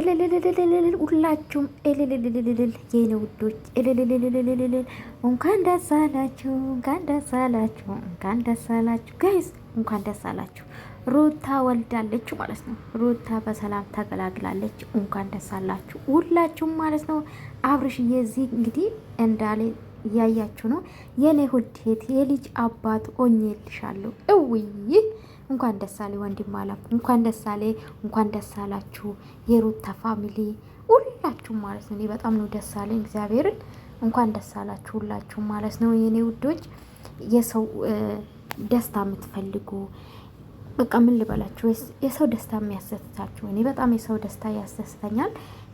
እልልልልልልል ሁላችሁም እልልልልልልል የኔ ውዶች እልልልልልልል እንኳን ደስ አላችሁ፣ እንኳን ደስ አላችሁ፣ እንኳን ደስ አላችሁ ጋይስ፣ እንኳን ደስ አላችሁ። ሩታ ወልዳለች ማለት ነው። ሩታ በሰላም ተገላግላለች። እንኳን ደስ አላችሁ ሁላችሁም ማለት ነው። አብርሽዬ እዚህ እንግዲህ እንዳለ እያያችሁ ነው። የኔ ውዴት የልጅ አባት ሆኜልሻለሁ እውይ እንኳን ደሳሌ ወንድም አላ እንኳን ደሳሌ እንኳን ደሳላችሁ የሩታ ፋሚሊ ሁላችሁ ማለት ነው። በጣም ነው ደሳለኝ። እግዚአብሔርን እንኳን ደሳላችሁ ሁላችሁ ማለት ነው የኔ ውዶች የሰው ደስታ የምትፈልጉ በቃ ምን ልበላችሁ፣ የሰው ደስታ የሚያስደስታችሁ እኔ በጣም የሰው ደስታ ያስደስተኛል።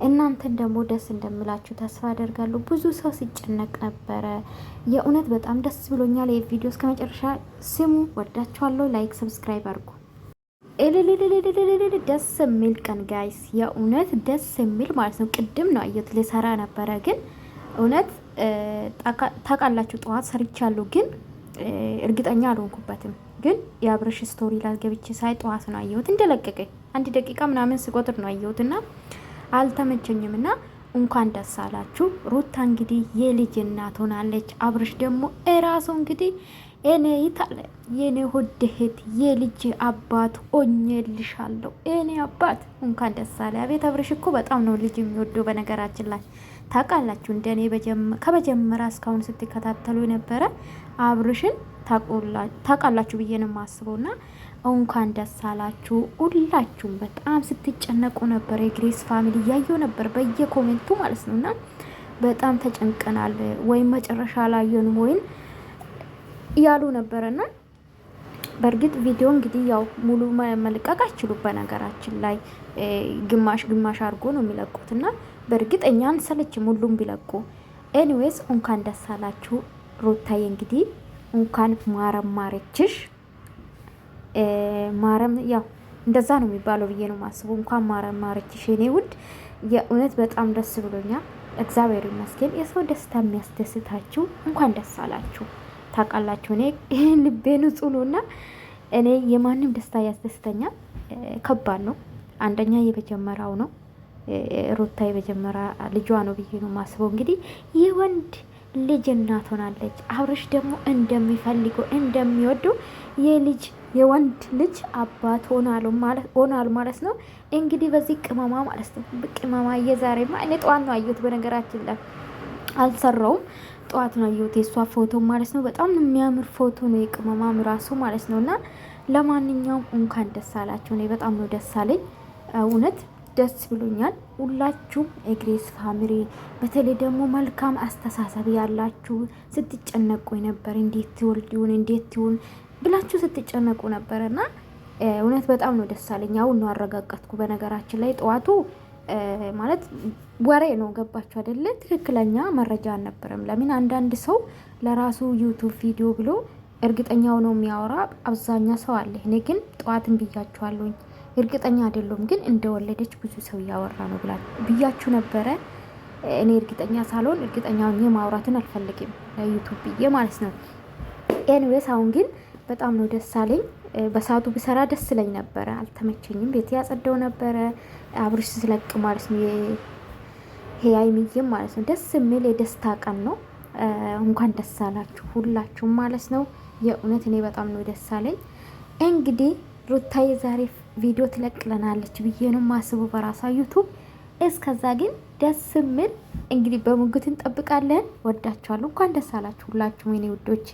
እናንተን ደግሞ ደስ እንደምላችሁ ተስፋ አደርጋለሁ። ብዙ ሰው ሲጨነቅ ነበረ። የእውነት በጣም ደስ ብሎኛል። ቪዲዮ እስከ መጨረሻ ስሙ። ወዳችኋለሁ። ላይክ፣ ሰብስክራይብ አድርጉ። እልልልልልልልል ደስ የሚል ቀን ጋይስ፣ የእውነት ደስ የሚል ማለት ነው። ቅድም ነው አየሁት ልሰራ ነበረ፣ ግን እውነት ታውቃላችሁ ጠዋት ሰርቻለሁ፣ ግን እርግጠኛ አልሆንኩበትም ግን የአብረሽ ስቶሪ ላገብቼ ሳይ ጠዋት ነው አየሁት እንደለቀቀ አንድ ደቂቃ ምናምን ስቆጥር ነው አየሁትና አልተመቸኝም። እና እንኳን ደስ አላችሁ ሩታ እንግዲህ የልጅ እናት ሆናለች። አብረሽ ደግሞ እራሱ እንግዲህ እኔ ይታለ የኔ ወደህት የልጅ አባት ሆኜልሻለሁ። እኔ አባት እንኳን ደስ አለ። አቤት አብረሽ እኮ በጣም ነው ልጅ የሚወደው በነገራችን ላይ ታውቃላችሁ። እንደኔ ከመጀመሪያ እስካሁን ስትከታተሉ የነበረ አብርሽን ታውቃላችሁ ብዬ ነው የማስበው። እና እንኳን ደስ አላችሁ ሁላችሁም። በጣም ስትጨነቁ ነበር። የግሬስ ፋሚሊ እያየው ነበር በየኮሜንቱ ማለት ነው። እና በጣም ተጨንቀናል ወይም መጨረሻ አላየንም ወይም ያሉ ነበረና በእርግጥ ቪዲዮ እንግዲህ ያው ሙሉ መልቀቅ አይችሉም። በነገራችን ላይ ግማሽ ግማሽ አድርጎ ነው የሚለቁት እና በእርግጥ እኛ አንሰለችም ሁሉም ቢለቁ። ኤኒዌይስ እንኳን ደስ አላችሁ ሩታዬ፣ እንግዲህ እንኳን ማረም ማረችሽ። ማረም ያው እንደዛ ነው የሚባለው ብዬ ነው ማስበው። እንኳን ማረም ማረችሽ የኔ ውድ፣ የእውነት በጣም ደስ ብሎኛል። እግዚአብሔር ይመስገን። የሰው ደስታ የሚያስደስታችሁ እንኳን ደስ አላችሁ። ታውቃላችሁ። እኔ ልቤ ንጹህ ነው እና እኔ የማንም ደስታ ያስደስተኛ ከባድ ነው። አንደኛ የመጀመሪያው ነው ሩታ የመጀመሪያ ልጇ ነው ብዬ ነው ማስበው። እንግዲህ የወንድ ልጅ እናት ሆናለች። አብርሽ ደግሞ እንደሚፈልገው እንደሚወደው የልጅ የወንድ ልጅ አባት ሆናሉ ማለት ነው። እንግዲህ በዚህ ቅመማ ማለት ነው ቅመማ የዛሬማ እኔ ጠዋት ነው አየሁት። በነገራችን ላይ አልሰራውም ጠዋት ነው አየሁት የእሷ ፎቶ ማለት ነው። በጣም የሚያምር ፎቶ ነው የቅመማም ራሱ ማለት ነው። እና ለማንኛውም እንኳን ደስ አላቸው። እኔ በጣም ነው ደስ አለኝ እውነት ደስ ብሎኛል። ሁላችሁም የግሬስ ፋሚሊ በተለይ ደግሞ መልካም አስተሳሰብ ያላችሁ ስትጨነቁ ነበር፣ እንዴት ትወልድ ይሁን እንዴት ትሁን ብላችሁ ስትጨነቁ ነበር እና እውነት በጣም ነው ደስ አለኝ። አሁን ነው አረጋገጥኩ። በነገራችን ላይ ጠዋቱ ማለት ወሬ ነው። ገባችሁ አይደለ? ትክክለኛ መረጃ አልነበረም። ለምን አንዳንድ ሰው ለራሱ ዩቱብ ቪዲዮ ብሎ እርግጠኛው ነው የሚያወራ አብዛኛ ሰው አለ። እኔ ግን ጠዋትን ብያችኋለሁኝ፣ እርግጠኛ አይደለም ግን እንደወለደች ብዙ ሰው እያወራ ነው ብላ ብያችሁ ነበረ። እኔ እርግጠኛ ሳልሆን እርግጠኛ ሆኜ ማውራትን አልፈልግም ለዩቱብ ብዬ ማለት ነው። ኤንዌስ አሁን ግን በጣም ነው ደስ አለኝ። በሰዓቱ ብሰራ ደስ ይለኝ ነበረ። አልተመቸኝም። ቤት ያጸደው ነበረ አብርሽ ስለቅ ማለት ነው። ይሄ አይምዬም ማለት ነው። ደስ የሚል የደስታ ቀን ነው። እንኳን ደስ አላችሁ ሁላችሁም ማለት ነው። የእውነት እኔ በጣም ነው ደስ አለኝ። እንግዲህ ሩታዬ ዛሬ ቪዲዮ ትለቅለናለች ብዬ ነው ማስቡ በራሷ ዩቱብ። እስከዛ ግን ደስ የሚል እንግዲህ በሙግት እንጠብቃለን። ወዳችኋለሁ። እንኳን ደስ አላችሁ ሁላችሁም የኔ ውዶች።